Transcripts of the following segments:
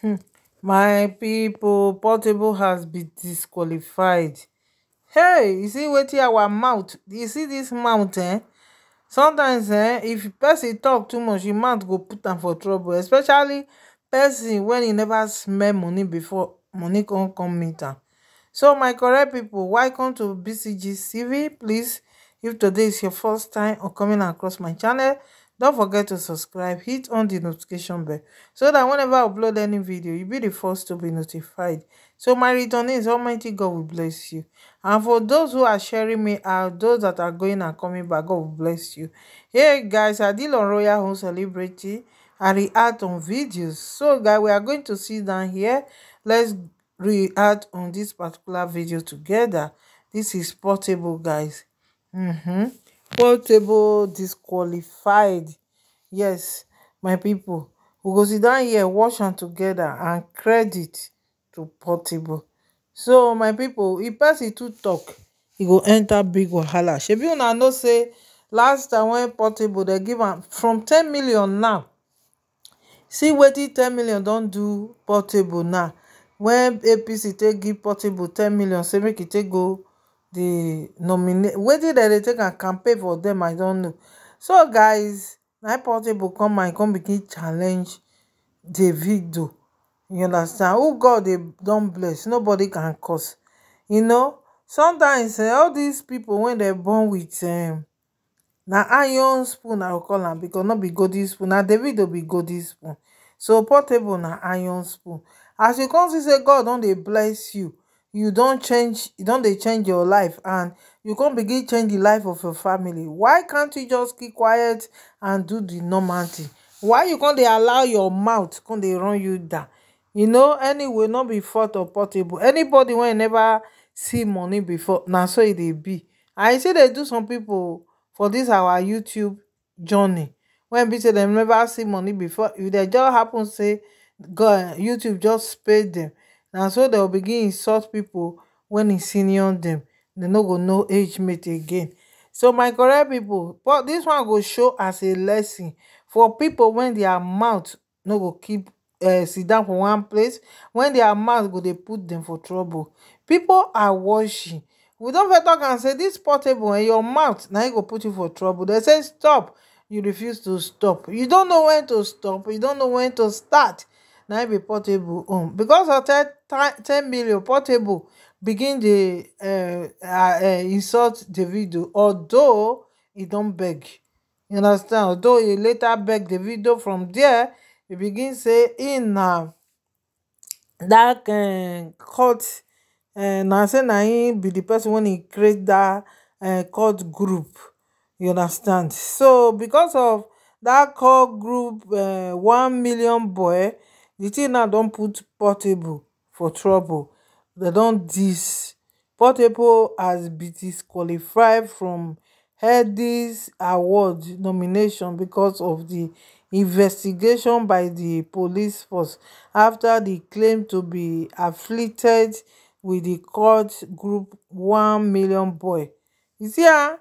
Hmm. my people, portable has been disqualified. hey you see wetin our mouth you see this mouth eh sometimes eh if person talk too much im mouth go put am for trouble especially person when e never smell money before money come come meet am so my correct people, welcome to bcg tv please if today is your first time or coming across my channel Don't forget to subscribe, hit on the notification bell so that whenever I upload any video, you'll be the first to be notified. So my return is Almighty God will bless you. And for those who are sharing me out, those that are going and coming back, God will bless you. Hey guys, I deal on Royal Home Celebrity. I react on videos. So guys, we are going to sit down here. Let's react on this particular video together. This is portable, guys. Mm-hmm portable disqualified yes my people. we go sit down here watch am together and credit to portable so my pipu if person too talk e go enter big wahala shebi una know say last time when portable dem give am from ten million now see wetin ten million don do portable now when apc take give portable ten million say make e take go the nominate wetin dem dey take am campaign for dem i don know so guys na Portable come my come begin challenge davido you understand who god dey don bless nobody can curse you know sometimes eh, all these people wey dem born with eh, na iron spoon i go call am because no be golden spoon na davido be golden spoon so portable na iron spoon as you come see say god don dey bless you. you don change you don dey change your life and you come begin change the life of your family why can't you just keep quiet and do the normal thing why you come dey allow your mouth come dey run you down you know anyway no be fault or portable anybody wey never see money before na so e dey be i say dey do some people for this our youtube journey When be say dem never see money before if e dem just happen say god youtube just pay dem na so dem begin insult pipo wen e senior dem dem no go know age mate again so my correct people, but this one go show as a lesson for pipo wen dia mouth no go keep eh, sit down for one place wen dia mouth go dey put them for trouble People are watching we don fit tok am say this portable and eh, your mouth Now e go put you for trouble They say stop you refuse to stop you don't know when to stop you don't know when to start na be portable own um, because of ten ten million portable begin dey eh, ah, eh, insult davido although e don beg you understand although e later beg davido from there e begin say im na dat eh, court na say na im be the person wey e create dat court group you understand so because of dat court group uh one million boy the thing now don put portable for trouble They don dis portable has been disqualified from headies award nomination because of the investigation by the police force after the claim to be afflicted with the cult group one million boy you see ah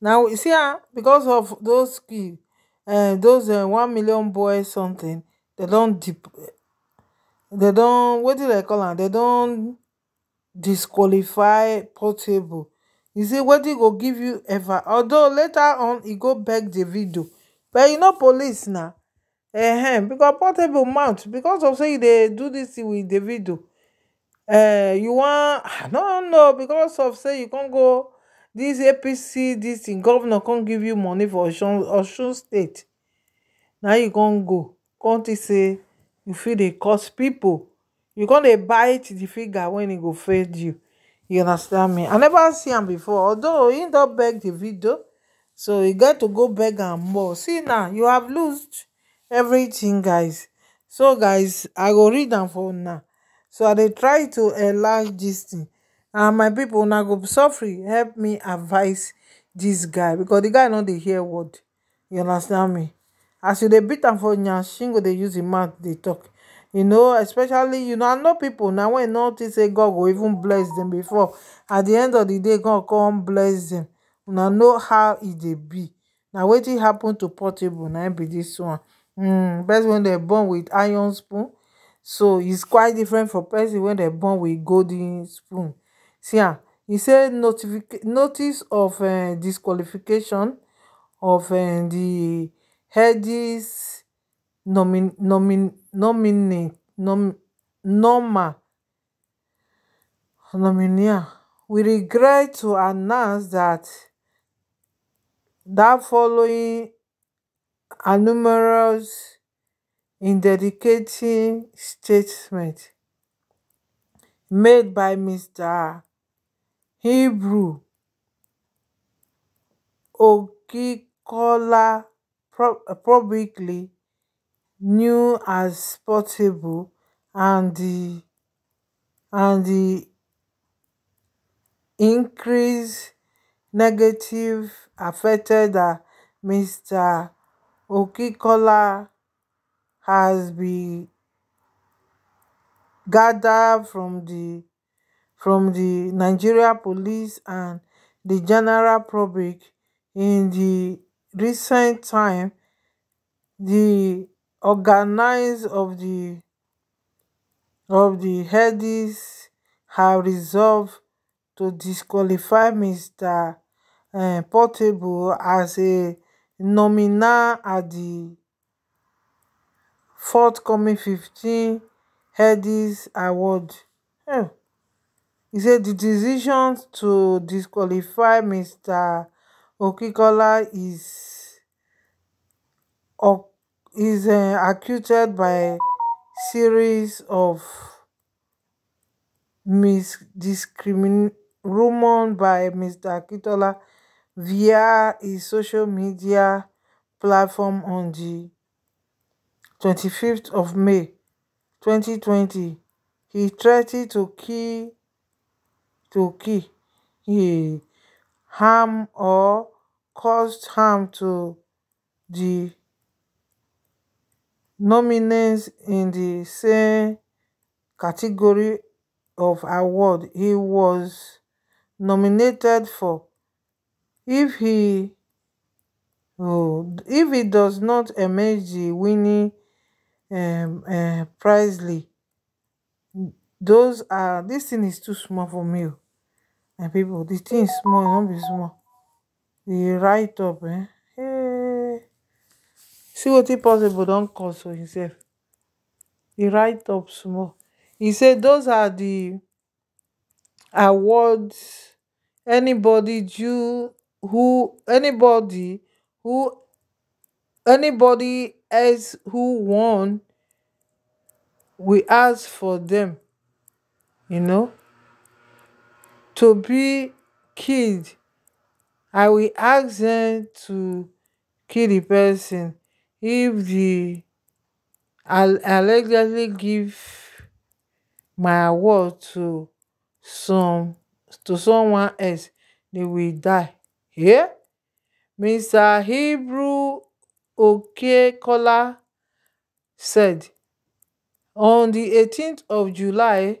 now you see ah because of those kill um eh, those um one million boy something dem don dip dem don wetin i call am dem don disqualify portable e say wetin go give you ever although later on e go beg davido but you know police na because portable mouth because of say you dey do dis thing with davido eh, you wan i don no know because of say you come go this apc this governor come give you money for osun state na you come go. come think say you fit dey curse pipu you come dey bite di finger wen e go fail you you understand me i never see am before although him don beg davido so e get to go beg am more see now you have lost everything guys so guys i go read am for now so i dey try to enlarge dis thing and my pipo una go suffer help me advise dis guy becos di guy no dey hear word you understand me as you dey beat am for nyash him go dey use him mouth dey talk you know especially you know i know people na when no think say god go even bless them before at the end of the day god come bless them. una know how e dey be na wetin happen to portable na be this one hmm person when they born with iron spoon so it's quite different for person when dem born with golden spoon see am e say notice of eh, disqualification of eh, the hedges nomin nomin nomini nom norma nominee we regret to announce that the following are numerous in dedicating statement made by Mr. Hebrew Okikola probably new as possible, and the and the increase negative affected that Mr. Okikola has been gathered from the from the Nigeria police and the general public in the recent time di organise of di of di headies have resolved to disqualify mr um eh, portable as a nominee at di forthcoming fifteen headies award um e say di decision to disqualify mr okikola is is um accused by series of rumours by mr akintola via his social media platform on the 25th of may 2020 he threatened to kill to kill he. harm or caused harm to the nominees in the same category of award he was nominated for. If he oh, if he does not emerge the winning um, uh, prizely, those are this thing is too small for me. Oh. my pipo di tin small i wan be small di write up ee eh? see wetin possible don cause for himself e write up small e say those are di awards anybodi do who anybodi who anybodi else who won we ask for dem you know. to be killed i will ask dem to kill di pesin if di allegedly give my award to some to someone else they will die um mr hebrew okekola said on the eighteenth of july